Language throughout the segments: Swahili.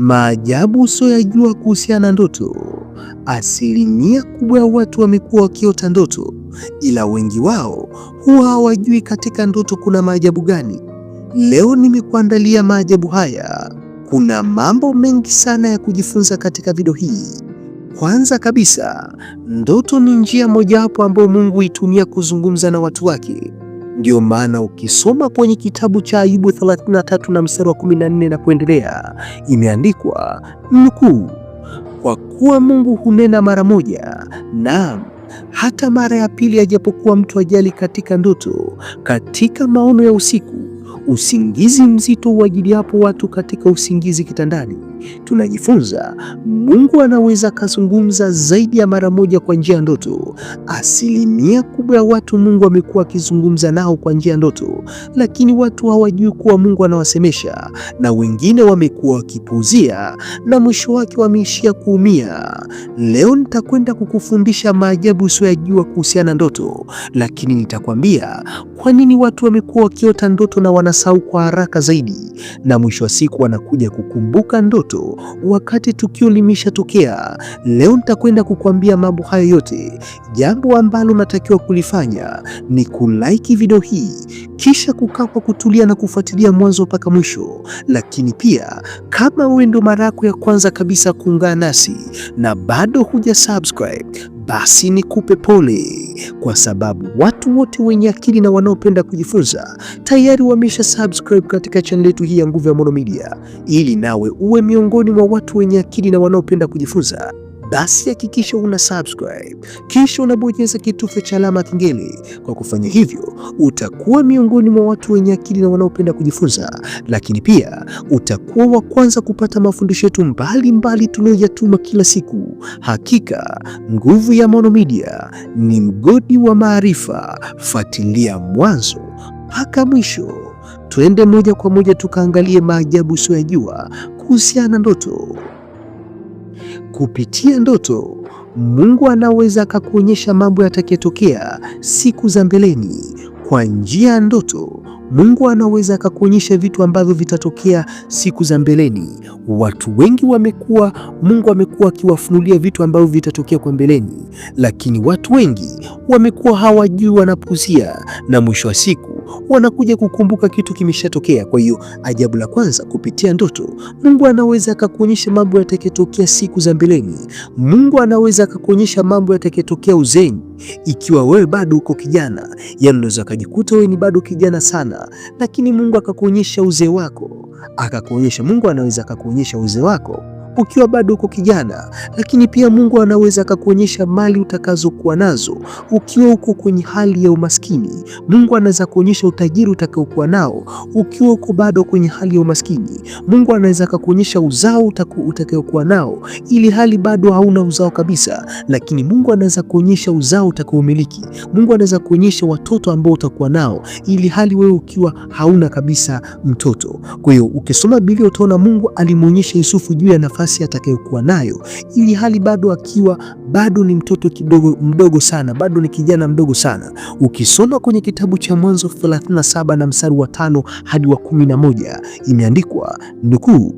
Maajabu usiyoyajua kuhusiana na ndoto. Asilimia kubwa ya watu wamekuwa wakiota ndoto, ila wengi wao huwa hawajui katika ndoto kuna maajabu gani. Leo nimekuandalia maajabu haya. Kuna mambo mengi sana ya kujifunza katika video hii. Kwanza kabisa, ndoto ni njia mojawapo ambayo Mungu huitumia kuzungumza na watu wake. Ndiyo maana ukisoma kwenye kitabu cha Ayubu 33 na mstari wa 14 na kuendelea, imeandikwa mnukuu, kwa kuwa Mungu hunena mara moja, na hata mara ya pili, ajapokuwa mtu ajali, katika ndoto, katika maono ya usiku, usingizi mzito uwajiliapo watu katika usingizi kitandani tunajifunza Mungu anaweza akazungumza zaidi ya mara moja kwa njia ya ndoto. Asilimia kubwa ya watu Mungu amekuwa akizungumza nao kwa njia ya ndoto, lakini watu hawajui kuwa Mungu anawasemesha, na wengine wamekuwa wakipuuzia na mwisho wake wameishia kuumia. Leo nitakwenda kukufundisha maajabu usiyojua kuhusiana na ndoto, lakini nitakwambia kwa nini watu wamekuwa wakiota ndoto na wanasahau kwa haraka zaidi, na mwisho wa siku wanakuja kukumbuka ndoto yetu wakati tukio limeshatokea. Leo nitakwenda kukuambia mambo hayo yote. Jambo ambalo unatakiwa kulifanya ni kulike video hii, kisha kukaa kwa kutulia na kufuatilia mwanzo mpaka mwisho. Lakini pia kama wewe ndo mara yako ya kwanza kabisa kuungana nasi na bado huja subscribe basi nikupe pole, kwa sababu watu wote wenye akili na wanaopenda kujifunza tayari wamesha subscribe katika channel yetu hii ya Nguvu ya Maono Media, ili nawe uwe miongoni mwa watu wenye akili na wanaopenda kujifunza basi hakikisha una subscribe kisha unabonyeza kitufe cha alama kengele. Kwa kufanya hivyo, utakuwa miongoni mwa watu wenye akili na wanaopenda kujifunza, lakini pia utakuwa wa kwanza kupata mafundisho yetu mbalimbali tunayoyatuma kila siku. Hakika nguvu ya Maono Media ni mgodi wa maarifa. Fuatilia mwanzo mpaka mwisho. Twende moja kwa moja tukaangalie maajabu usiyojua kuhusiana na ndoto. Kupitia ndoto, Mungu anaweza akakuonyesha mambo yatakayotokea siku za mbeleni kwa njia ya ndoto Mungu anaweza akakuonyesha vitu ambavyo vitatokea siku za mbeleni. Watu wengi wamekuwa, Mungu amekuwa akiwafunulia vitu ambavyo vitatokea kwa mbeleni, lakini watu wengi wamekuwa hawajui wanapuzia na mwisho wa siku wanakuja kukumbuka kitu kimeshatokea. Kwa hiyo ajabu la kwanza, kupitia ndoto, Mungu anaweza akakuonyesha mambo yatakayotokea siku za mbeleni. Mungu anaweza akakuonyesha mambo yatakayotokea uzeni ikiwa wewe bado uko kijana, yani unaweza akajikuta wewe ni bado kijana sana lakini Mungu akakuonyesha uzee wako, akakuonyesha Mungu anaweza akakuonyesha uzee wako ukiwa bado uko kijana, lakini pia Mungu anaweza akakuonyesha mali utakazokuwa nazo ukiwa uko kwenye hali ya umaskini. Mungu anaweza kuonyesha utajiri utakaokuwa nao ukiwa uko bado kwenye hali ya umaskini. Mungu anaweza akakuonyesha uzao utakaokuwa nao, ili hali bado hauna uzao kabisa, lakini Mungu anaweza kuonyesha uzao utakaomiliki. Mungu anaweza kuonyesha watoto ambao utakuwa nao, ili hali wewe ukiwa hauna kabisa mtoto. Kwa hiyo ukisoma Biblia utaona Mungu alimwonyesha Yusufu juu ya nafasi nafasi atakayokuwa nayo, ili hali bado akiwa bado ni mtoto kidogo mdogo sana, bado ni kijana mdogo sana. Ukisoma kwenye kitabu cha Mwanzo 37 na mstari wa tano hadi wa 11 imeandikwa nukuu,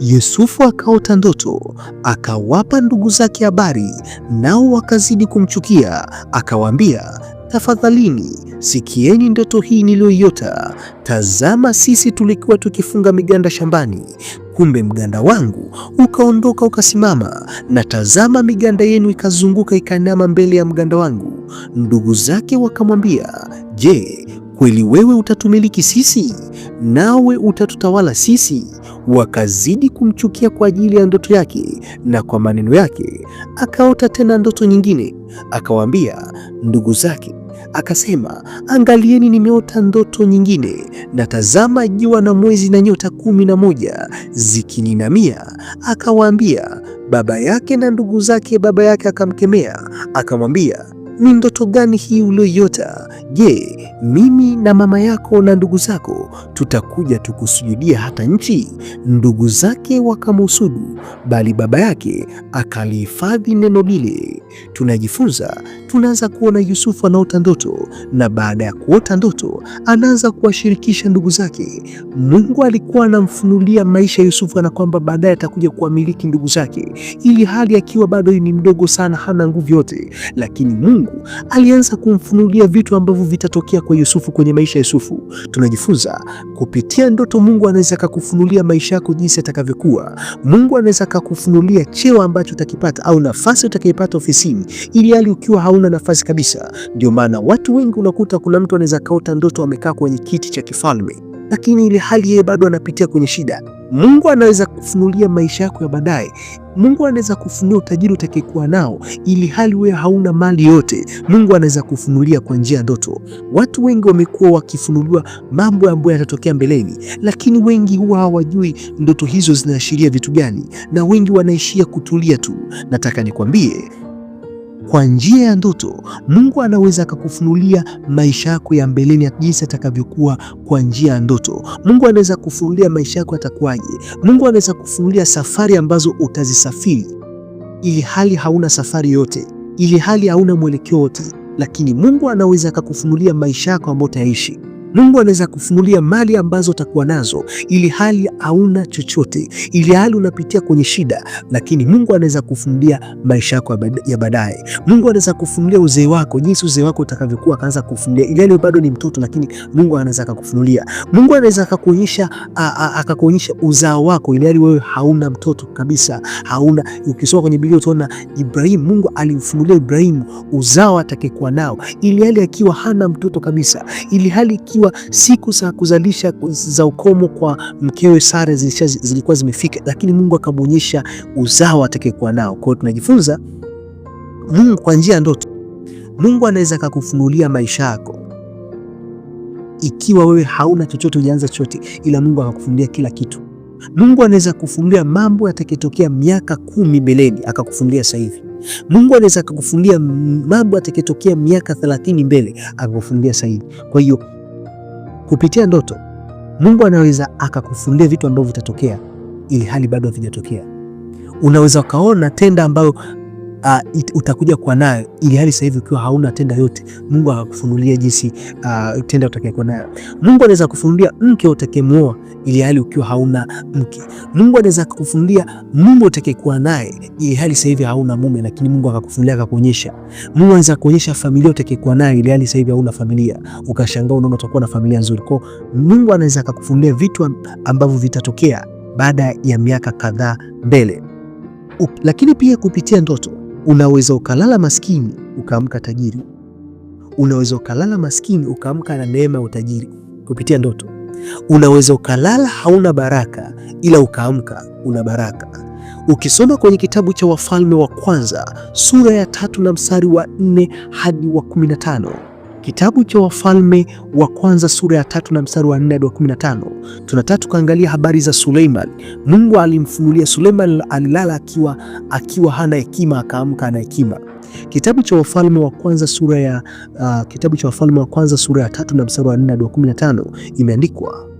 Yusufu akaota ndoto, akawapa ndugu zake habari, nao wakazidi kumchukia. Akawaambia, tafadhalini sikieni ndoto hii niliyoiota. Tazama, sisi tulikuwa tukifunga miganda shambani, Kumbe mganda wangu ukaondoka ukasimama, na tazama miganda yenu ikazunguka ikanama mbele ya mganda wangu. Ndugu zake wakamwambia, je, kweli wewe utatumiliki sisi nawe utatutawala sisi? Wakazidi kumchukia kwa ajili ya ndoto yake na kwa maneno yake. Akaota tena ndoto nyingine, akawaambia ndugu zake akasema, angalieni, nimeota ndoto nyingine, na tazama jua na mwezi na nyota kumi na moja zikininamia. Akawaambia baba yake na ndugu zake. Baba yake akamkemea akamwambia, ni ndoto gani hii uliyoiota? Je, mimi na mama yako na ndugu zako tutakuja tukusujudia hata nchi? Ndugu zake wakamusudu bali baba yake akalihifadhi neno lile. Tunajifunza tunaanza kuona Yusufu anaota ndoto, na baada ya kuota ndoto anaanza kuwashirikisha ndugu zake. Mungu alikuwa anamfunulia maisha ya Yusufu na kwamba baadaye atakuja kuwamiliki ndugu zake, ili hali akiwa bado ni mdogo sana, hana nguvu yote, lakini Mungu alianza kumfunulia vitu ambavyo vitatokea kwa Yusufu, kwenye maisha ya Yusufu. Tunajifunza kupitia ndoto, Mungu anaweza kakufunulia maisha yako jinsi atakavyokuwa. Mungu anaweza kakufunulia cheo ambacho utakipata au nafasi utakayopata ofisini, ili hali ukiwa hauna hakuna nafasi kabisa. Ndio maana watu wengi unakuta kuna mtu anaweza kaota ndoto amekaa kwenye kiti cha kifalme, lakini ile hali yeye bado anapitia kwenye shida. Mungu anaweza kufunulia maisha yako ya baadaye. Mungu anaweza kufunulia utajiri utakayekuwa nao, ili hali wewe hauna mali yote. Mungu anaweza kufunulia kwa njia ya ndoto. Watu wengi wamekuwa wakifunuliwa mambo ambayo yatatokea mbeleni, lakini wengi huwa hawajui ndoto hizo zinaashiria vitu gani, na wengi wanaishia kutulia tu. Nataka nikwambie kwa njia ya ndoto, Mungu anaweza akakufunulia maisha yako ya mbeleni, jinsi atakavyokuwa kwa njia ya ndoto. Mungu anaweza kufunulia maisha yako atakuwaje. Mungu anaweza kufunulia safari ambazo utazisafiri, ili hali hauna safari yote, ili hali hauna mwelekeo wote, lakini Mungu anaweza akakufunulia maisha yako ambayo utaishi. Mungu anaweza kufunulia mali ambazo utakuwa nazo, ili hali hauna chochote, ili hali unapitia kwenye shida, lakini Mungu anaweza kufunulia maisha yako ya baadaye. Mungu anaweza kufunulia uzee wako, jinsi uzee wako utakavyokuwa, akaanza kufunulia ili leo bado ni mtoto, lakini Mungu anaweza akakufunulia. Mungu anaweza akakuonyesha akakuonyesha uzao wako, ili hali wewe hauna mtoto kabisa, hauna. Ukisoma kwenye Biblia utaona Ibrahim, Mungu alimfunulia Ibrahim uzao atakayekuwa nao, ili hali akiwa hana mtoto kabisa, ili hali ikiwa Unajua siku za kuzalisha za ukomo kwa mkewe Sara zilikuwa zimefika, lakini Mungu akamwonyesha uzao atakayekuwa nao. Kwa hiyo tunajifunza Mungu kwa njia ya ndoto. Mungu anaweza akakufunulia maisha yako ikiwa wewe hauna chochote, hujaanza chochote, ila Mungu akakufunulia kila kitu. Mungu anaweza kufunulia mambo yatakayotokea miaka kumi mbeleni, akakufunulia sasa hivi. Mungu anaweza akakufunulia mambo yatakayotokea miaka thelathini mbele, akakufunulia sasa hivi. Kwa hiyo kupitia ndoto Mungu anaweza akakufundia vitu ambavyo vitatokea ili hali bado havijatokea. Unaweza ukaona tenda ambayo uh, utakuja kuwa nayo ili hali sasa hivi ukiwa hauna tenda yote, Mungu akakufunulia jinsi uh, tenda utakayokuwa nayo. Mungu anaweza kukufunulia mke utakayemuoa ili hali ukiwa hauna mke. Mungu anaweza kukufunulia mume utakayekuwa naye ili hali sasa hivi hauna mume, lakini Mungu akakufunulia akakuonyesha. Mungu anaweza kuonyesha familia utakayokuwa nayo ili hali sasa hivi hauna familia, ukashangaa unaona utakuwa na familia nzuri. Kwa Mungu anaweza akakufunulia vitu ambavyo vitatokea baada ya miaka kadhaa mbele. Lakini pia kupitia ndoto Unaweza ukalala maskini ukaamka tajiri, unaweza ukalala maskini ukaamka na neema ya utajiri kupitia ndoto. Unaweza ukalala hauna baraka, ila ukaamka una baraka. Ukisoma kwenye kitabu cha Wafalme wa Kwanza sura ya tatu na mstari wa nne hadi wa kumi na tano Kitabu cha Wafalme wa Kwanza sura ya tatu na mstari wa 4 hadi 15, tunataka tukaangalia habari za Suleiman. Mungu alimfunulia Suleiman, alilala akiwa akiwa hana hekima, akaamka ana hekima. Kitabu cha Wafalme wa Kwanza sura ya uh, kitabu cha Wafalme wa Kwanza sura ya tatu na mstari wa 4 hadi 15 imeandikwa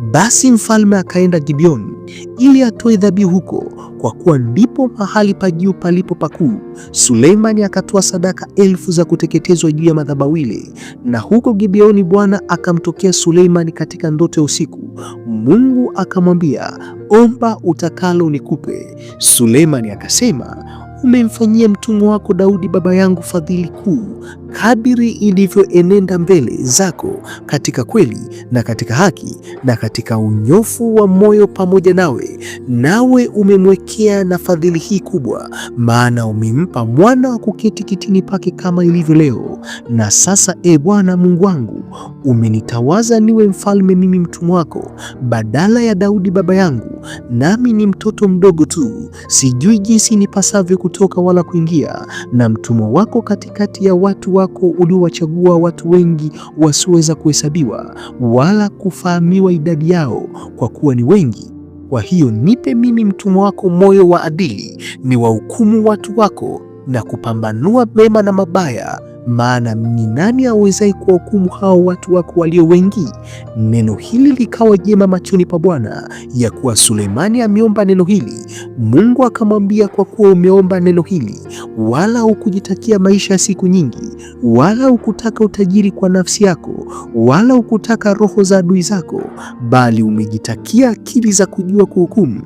basi mfalme akaenda Gibeoni ili atoe dhabihu huko, kwa kuwa ndipo mahali pa juu palipo pakuu. Suleimani akatoa sadaka elfu za kuteketezwa juu ya madhabahu ile. Na huko Gibeoni Bwana akamtokea Suleimani katika ndoto ya usiku. Mungu akamwambia, omba utakalo nikupe. Suleimani akasema umemfanyia mtumwa wako Daudi baba yangu fadhili kuu, kadiri ilivyoenenda mbele zako katika kweli na katika haki na katika unyofu wa moyo pamoja nawe, nawe umemwekea na fadhili hii kubwa, maana umempa mwana wa kuketi kitini pake kama ilivyo leo. Na sasa, e Bwana Mungu wangu, umenitawaza niwe mfalme, mimi mtumwa wako, badala ya Daudi baba yangu, nami ni mtoto mdogo tu, sijui jinsi nipasavyo kutoka wala kuingia, na mtumwa wako katikati ya watu wako uliowachagua, watu wengi wasioweza kuhesabiwa wala kufahamiwa idadi yao, kwa kuwa ni wengi. Kwa hiyo nipe mimi mtumwa wako moyo wa adili, ni wahukumu watu wako na kupambanua mema na mabaya maana ni nani awezaye kuwahukumu hao watu wako walio wengi? Neno hili likawa jema machoni pa Bwana, ya kuwa Sulemani ameomba neno hili. Mungu akamwambia, kwa kuwa umeomba neno hili, wala hukujitakia maisha ya siku nyingi, wala hukutaka utajiri kwa nafsi yako, wala hukutaka roho za adui zako, bali umejitakia akili za kujua kuhukumu,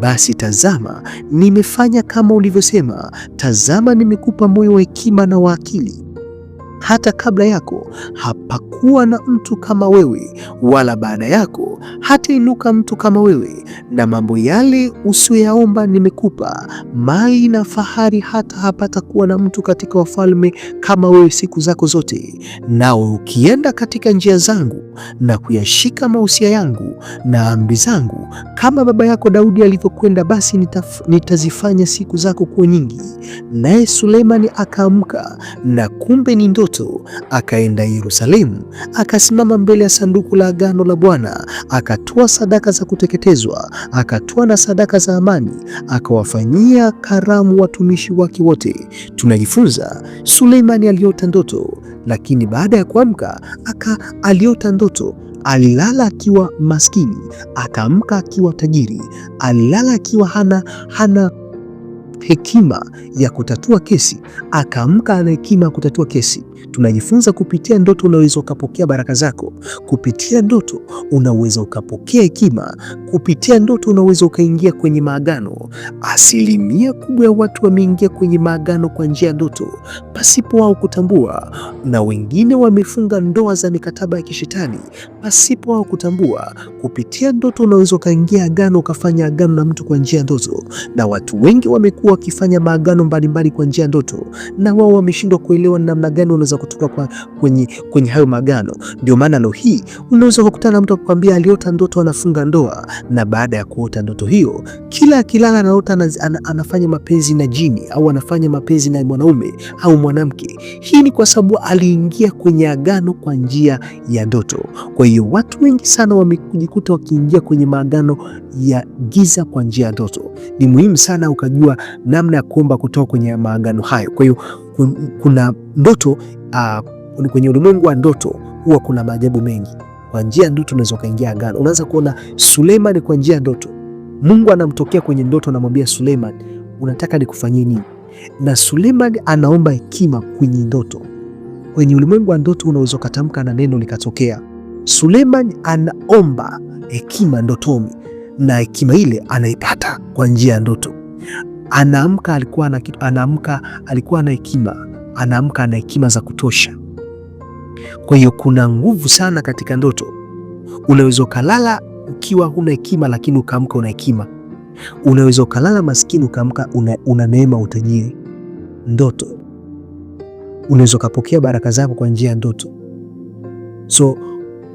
basi tazama, nimefanya kama ulivyosema; tazama, nimekupa moyo wa hekima na wa akili hata kabla yako hapakuwa na mtu kama wewe, wala baada yako hatainuka mtu kama wewe. Na mambo yale usiyoyaomba nimekupa, mali na fahari, hata hapatakuwa na mtu katika wafalme kama wewe siku zako zote. Nawe ukienda katika njia zangu na kuyashika mausia yangu na amri zangu, kama baba yako Daudi alivyokwenda, basi nitaf, nitazifanya siku zako kuwa nyingi. Naye Sulemani akaamka, na kumbe ni ndoto moto, akaenda Yerusalemu, akasimama mbele ya sanduku la agano la Bwana, akatoa sadaka za kuteketezwa, akatoa na sadaka za amani, akawafanyia karamu watumishi wake wote. Tunajifunza Suleimani aliota ndoto, lakini baada ya kuamka aka aliota ndoto alilala akiwa maskini, akaamka akiwa tajiri. Alilala akiwa hana hana hekima ya kutatua kesi, akaamka ana hekima ya kutatua kesi. Tunajifunza kupitia ndoto, unaweza ukapokea baraka zako. Kupitia ndoto unaweza ukapokea hekima. Kupitia ndoto unaweza ukaingia kwenye maagano. Asilimia kubwa ya watu wameingia kwenye maagano kwa njia ya ndoto pasipo wao kutambua, na wengine wamefunga ndoa za mikataba ya kishetani pasipo wao kutambua. Kupitia ndoto unaweza ukaingia agano, ukafanya agano na mtu kwa njia ya ndoto, na watu wengi wamekuwa wakifanya maagano mbalimbali kwa njia ya ndoto, na wao wameshindwa kuelewa namna gani kujifunza kutoka kwa kwenye, kwenye hayo magano. Ndio maana leo hii unaweza kukutana na mtu akwambia aliota ndoto anafunga ndoa, na baada ya kuota ndoto hiyo kila akilala anaota ana, anafanya mapenzi na jini au anafanya mapenzi na mwanaume au mwanamke. Hii ni kwa sababu aliingia kwenye agano kwa njia ya ndoto. Kwa hiyo watu wengi sana wamejikuta wakiingia kwenye maagano ya giza kwa njia ya ndoto. Ni muhimu sana ukajua namna ya kuomba kutoka kwenye maagano hayo. Kwa hiyo kuna ndoto uh, kwenye ulimwengu wa ndoto huwa kuna maajabu mengi. Kwa njia ya ndoto unaweza ukaingia agano. Unaanza kuona Suleiman kwa njia ya ndoto, Mungu anamtokea kwenye ndoto, anamwambia Suleiman, unataka nikufanyie nini? Na Suleiman anaomba hekima kwenye ndoto. Kwenye ulimwengu wa ndoto unaweza ukatamka na neno likatokea. Suleiman anaomba hekima ndotoni na hekima ile anaipata kwa njia ya ndoto. Anaamka alikuwa na kitu, anaamka alikuwa na hekima anaamka ana hekima za kutosha. Kwa hiyo kuna nguvu sana katika ndoto. Unaweza ukalala ukiwa huna hekima, lakini ukaamka una hekima. Unaweza ukalala maskini, ukaamka una, una neema, utajiri. Ndoto unaweza ukapokea baraka zako kwa njia ya ndoto. So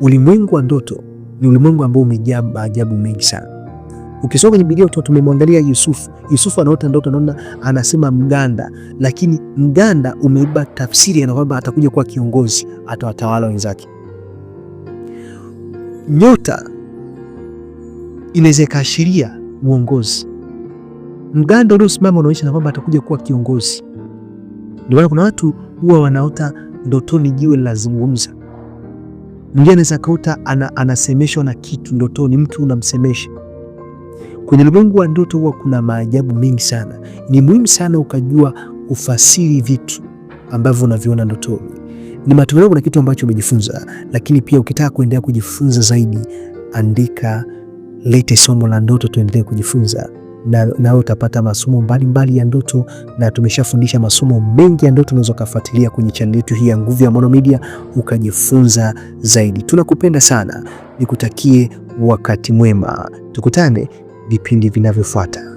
ulimwengu wa ndoto ni ulimwengu ambao umejaa maajabu mengi sana. Ukisoma kwenye Biblia tumemwangalia Yusufu. Yusufu anaota ndoto, anaona anasema mganda, lakini mganda umeiba tafsiri ya kwamba atakuja kuwa kiongozi, atawatawala wenzake. Nyota inaweza ikaashiria uongozi. Mganda uliosimama unaonyesha kwamba atakuja kuwa kiongozi. Ndio maana kuna watu huwa wanaota ndotoni jiwe linazungumza. Mwingine anaweza kaota anasemeshwa na kitu ndotoni, mtu unamsemesha Kwenye ulimwengu wa ndoto huwa kuna maajabu mengi sana. Ni muhimu sana ukajua ufasiri vitu ambavyo unaviona ndotoni. Ni matumaini kuna kitu ambacho umejifunza, lakini pia ukitaka kuendelea kujifunza zaidi, andika lete somo la ndoto, tuendelee kujifunza nawe na utapata masomo mbalimbali ya ndoto, na tumeshafundisha masomo mengi ya ndoto. Unaweza ukafuatilia kwenye chaneli yetu hii ya Nguvu ya Maono Media ukajifunza zaidi. Tunakupenda sana, nikutakie wakati mwema, tukutane vipindi vinavyofuata.